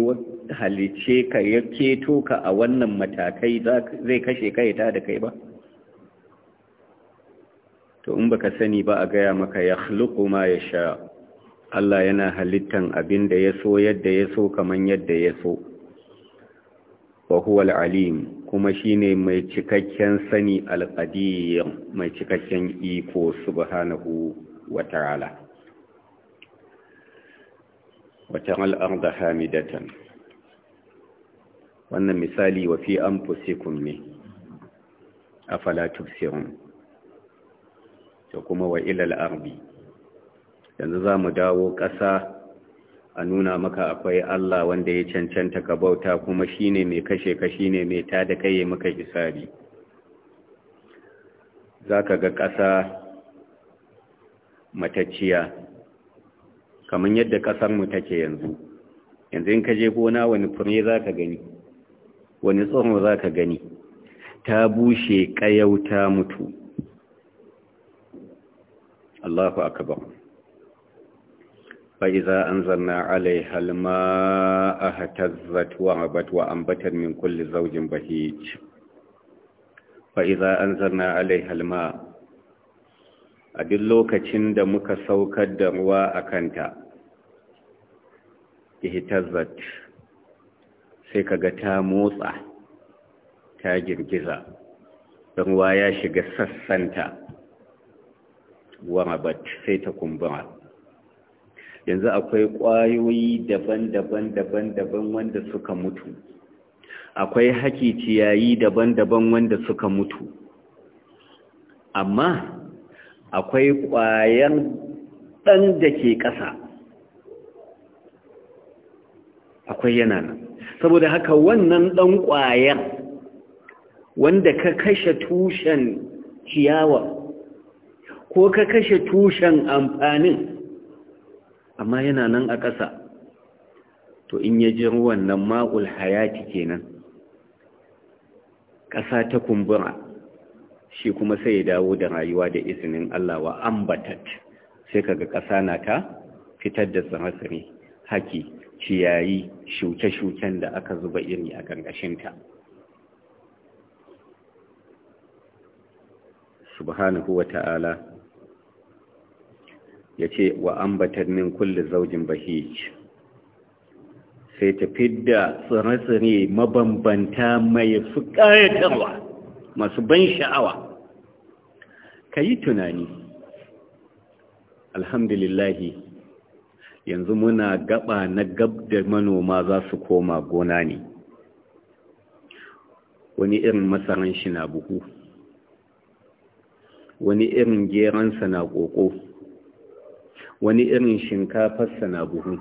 halice ka ya keto ka a wannan matakai zai kashe ka ta da kai ba to in baka sani ba a gaya maka ya ma ya sha Allah yana halittan abin da ya so yadda ya so kaman yadda ya so wa huwa alim kuma shine mai cikakken sani al mai cikakken iko subhanahu wa ta'ala وترى الأرض ne a مثالي وفي da kuma wa ilal تقوم Yanzu za mu داو ƙasa a nuna maka akwai Allah wanda ya cancanta ka bauta kuma shine mai kashe ka shine mai tada kai maka isari zaka ga ƙasa matacciya kamar yadda ƙasarmu take yanzu yanzu in ka je gona wani fure za ka gani wani tsoro za ka gani ta bushe ƙayau ta mutu Allahu akabar fa'iza an zanna alai halma a hatazzat wa abat wa ambatar min kulli zaujin bahij iza an zanna alai halma a duk lokacin da muka saukar da ruwa a kanta ihtazat sai kaga ta motsa ta girgiza ruwa ya shiga sassanta warabat sai ta kumbura yanzu akwai ƙwayoyi daban-daban daban-daban wanda suka mutu akwai haki ciyayi daban-daban wanda suka mutu amma akwai ƙwayan ɗan da ke ƙasa akwai yana nan saboda haka wannan ɗan ƙwayan wanda ka kashe tushen ciyawa ko ka kashe tushen amfanin amma yana nan a ƙasa to in ya ji ruwan nan ma'ul hayati kenan ƙasa ta kumbura shi kuma sai ya dawo da rayuwa da izinin Allah wa ambatat sai kaga ƙasa na ta fitar da tsirrai haki ciyayi shuke-shuken da aka zuba iri a ta subhanahu wa ta'ala ya wa ambatat min kulle zaujin bahij sai ta fidda tsire-tsire mabambanta mai fi ƙayatarwa masu ban sha'awa ka yi tunani alhamdulillahi yanzu muna gaba na gab da manoma za su koma gona ne wani irin masaran shi na buhu wani irin geransa na ƙoƙo wani irin shinkafarsa na buhu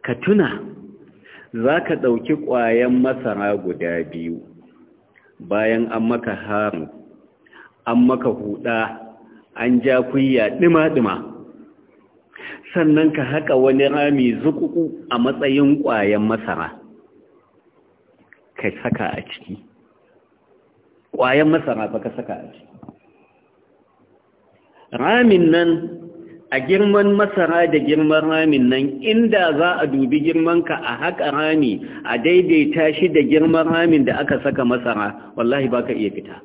ka tuna za ka ɗauki ƙwayen masara guda biyu bayan an maka harin an maka huɗa an ja kunya ɗima-ɗima sannan ka haƙa wani rami zukuku a matsayin ƙwayen masara ka saka a ciki ƙwayen masara ba ka saka a ciki ramin nan a girman masara da girman ramin nan inda za a dubi girmanka a haka rami a daidaita shi da girman ramin da aka saka masara wallahi ba ka iya fita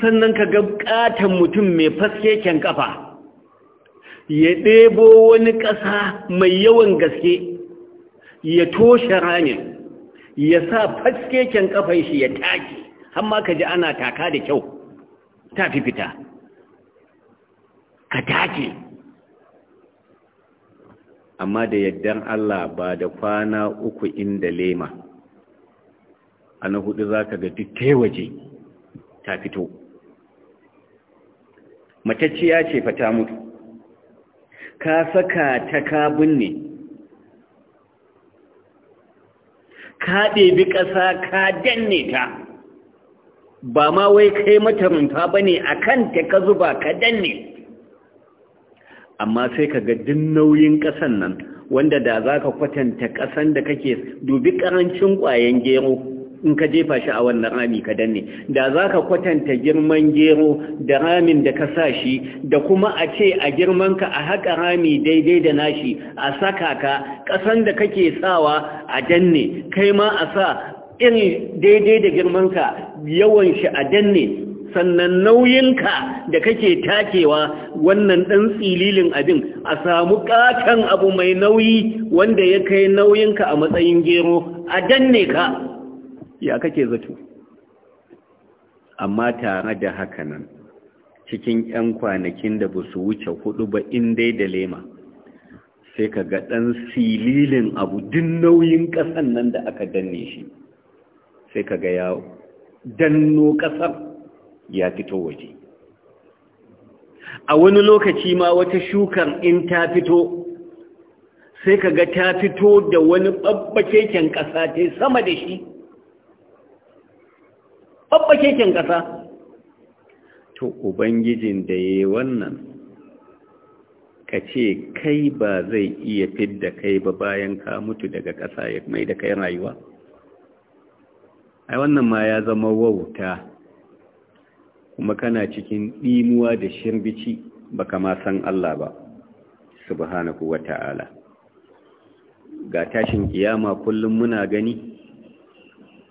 sannan ka ga mutum mai faskeken kafa ya ɗebo wani ƙasa mai yawan gaske ya toshe ramin ya sa faskeken kafan shi ya take amma ka ji ana taka da kyau ta fi fita ka dace amma da yaddan Allah ba da kwana uku inda lema a na hudu za ka ga duk waje ta fito matacciya ce fata mutu ka saka ta kabin ne ka ɗebi ƙasa ka danne ta ba ma wai kai mata rumfa ba ne a kanta ka zuba ka danne amma sai ka ga nauyin ƙasan nan wanda da za ka kwatanta ƙasan da kake dubi ƙarancin ƙwayen gero in ka jefa shi a wannan rami ka danne da za ka kwatanta girman gero da ramin da ka sa shi da kuma a ce a girman ka a haƙa rami daidai da nashi a saka ka ƙasan da kake sawa a danne kai ma a sa iri daidai da girman ka yawan shi a danne sannan nauyinka da kake takewa wannan ɗan tsililin abin a samu ƙaton abu mai nauyi wanda ya kai nauyinka a matsayin gero a danne ka ya kake zato amma tare da haka nan cikin 'yan kwanakin da ba su wuce hudu ba in dai da lema sai ka ga ɗan sililin abu duk nauyin ƙasan nan da aka danne shi sai ka ga ya danno ƙasar ya fito waje a wani lokaci ma wata shukar in ta fito sai ka ga ta fito da wani ɓaɓɓakeken ƙasa ta sama da shi ɓaɓɓakeken ƙasa to ubangijin da ya yi wannan ka ce kai ba zai iya fidda kai ba bayan ka mutu daga ƙasa ya mai da kai rayuwa ai wannan ma ya zama wauta kuma kana cikin ɗimuwa da shirbici baka ma san Allah ba subhanahu wata'ala ga tashin kiyama kullum muna gani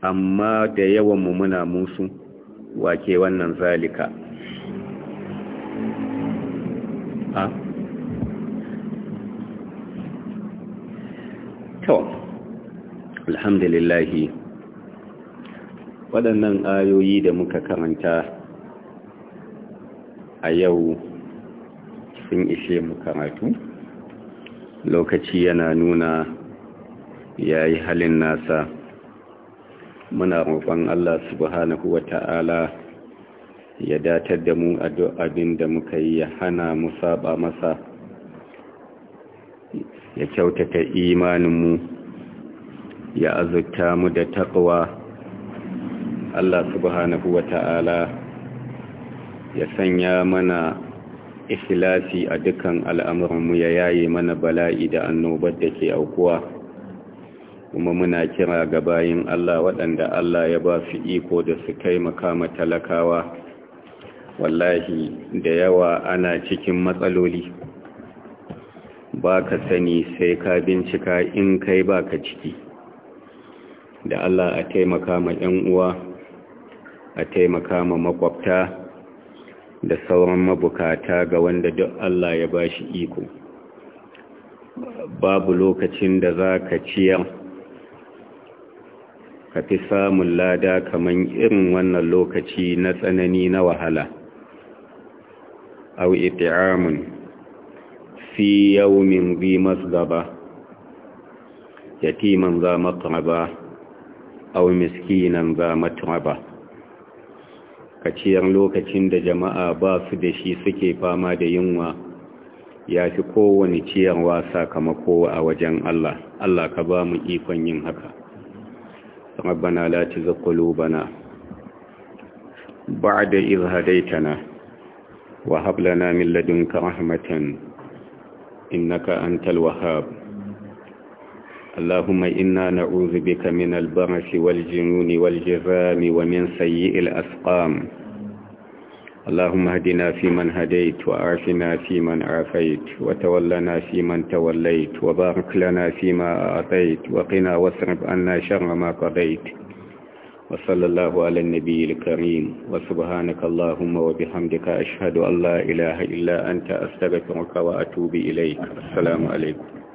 amma da yawan mu muna musu wake wannan zalika ha to alhamdulillahi waɗannan ayoyi da muka karanta a yau sun ishe mu karatu lokaci yana nuna ya yi halin nasa muna roƙon Allah subhanahu wa ta'ala ya datar da mu a abin da muka yi ya hana mu saba masa ya kyautata imaninmu ya azurta mu da taƙawa. Allah subhanahu wa ta'ala ya sanya mana ikhlasi a dukan al'amuranmu ya yaye mana bala'i da annobar da ke aukuwa kuma muna kira ga bayin Allah waɗanda Allah ya ba su iko da su kai makama talakawa wallahi da yawa ana cikin matsaloli ba ka sani sai ka bincika in kai ba ka ciki da Allah a taimaka ma 'yan uwa a taimaka ma makwabta da sauran mabukata ga wanda duk Allah ya ba shi iko babu lokacin da za ka ciyar ka fi samun lada kamar irin wannan lokaci na tsanani na wahala au iti'amun fi min bi masgaba yatiman za matraba au miskinan za matraba ciyar lokacin da jama'a ba su da shi suke fama da yunwa ya fi kowane ciyarwa sakamako a wajen Allah Allah ka ba mu ikon yin haka bana. la tuzigh qulubana ba'da idh hadaytana wa hab lana min ladunka rahmatan innaka antal wahhab اللهم إنا نعوذ بك من البرس والجنون والجرام ومن سيء الأسقام اللهم اهدنا فيمن هديت وعافنا فيمن عافيت وتولنا فيمن توليت وبارك لنا فيما أعطيت وقنا واصرف عنا شر ما قضيت وصلى الله على النبي الكريم وسبحانك اللهم وبحمدك أشهد أن لا إله إلا أنت أستغفرك وأتوب إليك السلام عليكم